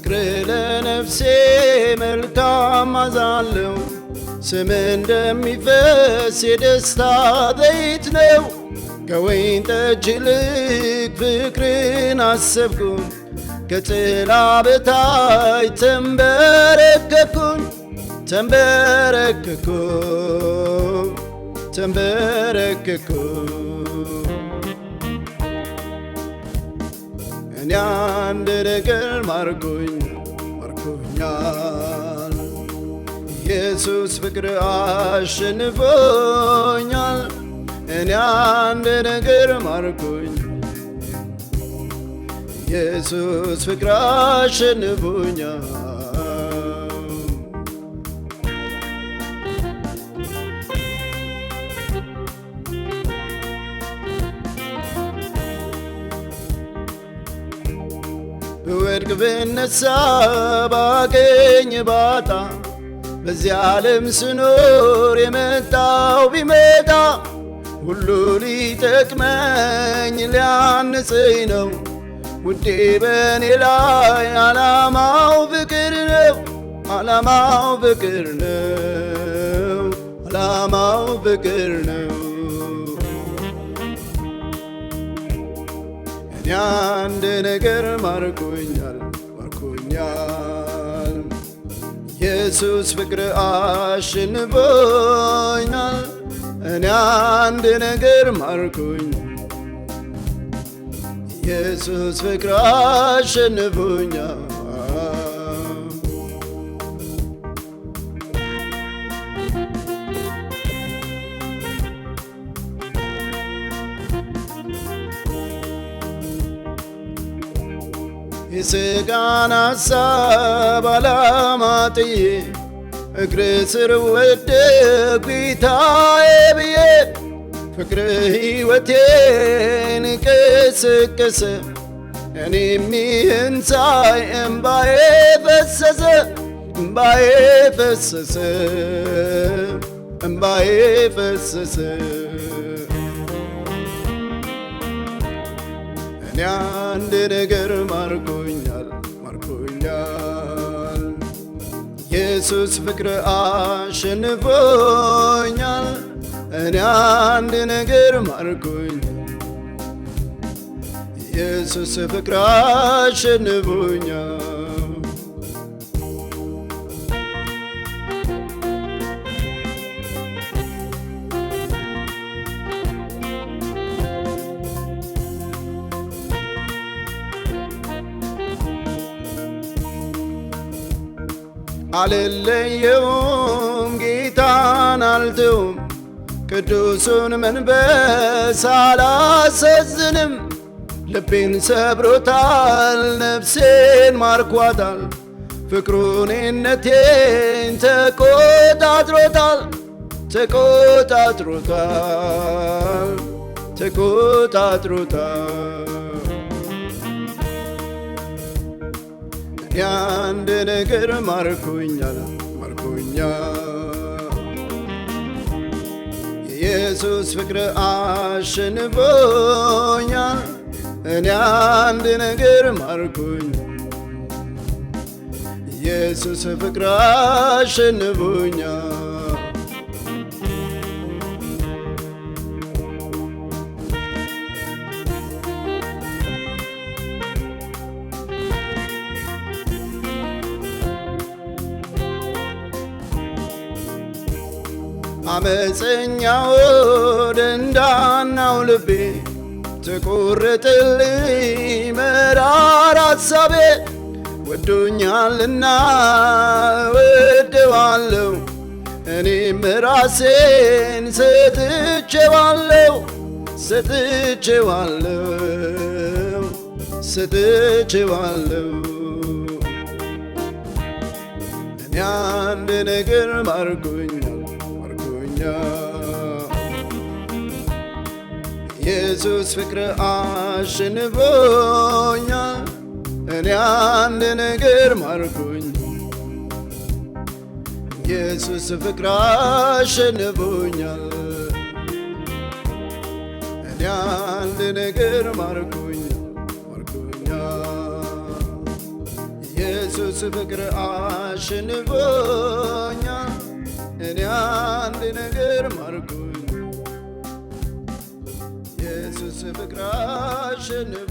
ፍቅር ለነፍሴ መልካም አዛለው ስም እንደሚፈስ የደስታ ዘይት ነው። ከወይን ጠጅ ይልቅ ፍቅርን አሰብኩኝ፣ ከጥላ በታች ተንበረከኩኝ፣ ተንበረከኩ ተንበረከኩ እኔ አንድ ነገር ማርኩኝ ማርኮኛል ኢየሱስ ፍቅር አሸንፎኛል። እኔ አንድ ነገር ማርኩኝ ኢየሱስ ፍቅር አሸንፎኛል። በጽድቅ ብነሳ ባገኝ ባጣ በዚያ ዓለም ስኖር የመጣው ቢመጣ ሁሉ ሊጠቅመኝ ሊያንጽኝ ነው። ውዴ በእኔ ላይ ዓላማው ፍቅር ነው። ዓላማው ፍቅር ነው። ዓላማው ፍቅር ነው። አንድ ነገር ማርኮኛል ማርኮኛል ኢየሱስ ፍቅር አሸንፎኛል። እኔ አንድ ነገር ማርኮኛል ኢየሱስ ፍቅር አሸንፎኛል። የሥጋን ሐሳብ እግር ስር ወደኩ ጌታዬ ብዬ ፍቅር ሕይወቴን ቀሰቀሰ እኔም ይህን ሳይ እምባዬ ፈሰሰ እምባዬ ፈሰሰ እምባዬ ፈሰሰ እኔ አንድ ነገር ማርኮ ኢየሱስ ፍቅር አሸንፎኛል። እኔ አንድ ነገር ማርኩኝ፣ ኢየሱስ ፍቅር አሸንፎኛል። አልለየውም ጌታን አልተውም ቅዱሱን መንፈስ አላሰዝንም። ልቤን ሰብሮታል ነፍሴን ማርኳታል ፍቅሩንነቴን እነቴን ተቆጣጥሮታል ተቆጣጥሮታል ተቆጣጥሮታል የአንድ ነገር ማርኩኛል ማርኩኛል የኢየሱስ ፍቅር አሸንፎኛል። እኔ አንድ ነገር ማርኩኝ ኢየሱስ ፍቅር አሸንፎኛል። አመፀኛውን ደንዳናው ልቤ ትቁርጥልኝ መራር አሳቤ ወዶኛልና ወደዋለው እኔም ራሴን ሰጥቼዋለው ሰጥቼዋለው ሰጥቼዋለው እኔ አንድ ነገር ማርጎኛል ነውና ኢየሱስ ፍቅር አሸንፎኛ እኔ አንድ ነገር ማርኩኝ ኢየሱስ ፍቅር አሸንፎኛል እኔ አንድ ነገር ማርኩኝ ማርኩኛ ኢየሱስ ፍቅር አሸንፎኛ እኔ ነገር ማርኩኝ የሱስ ፍቅር አሸንፍ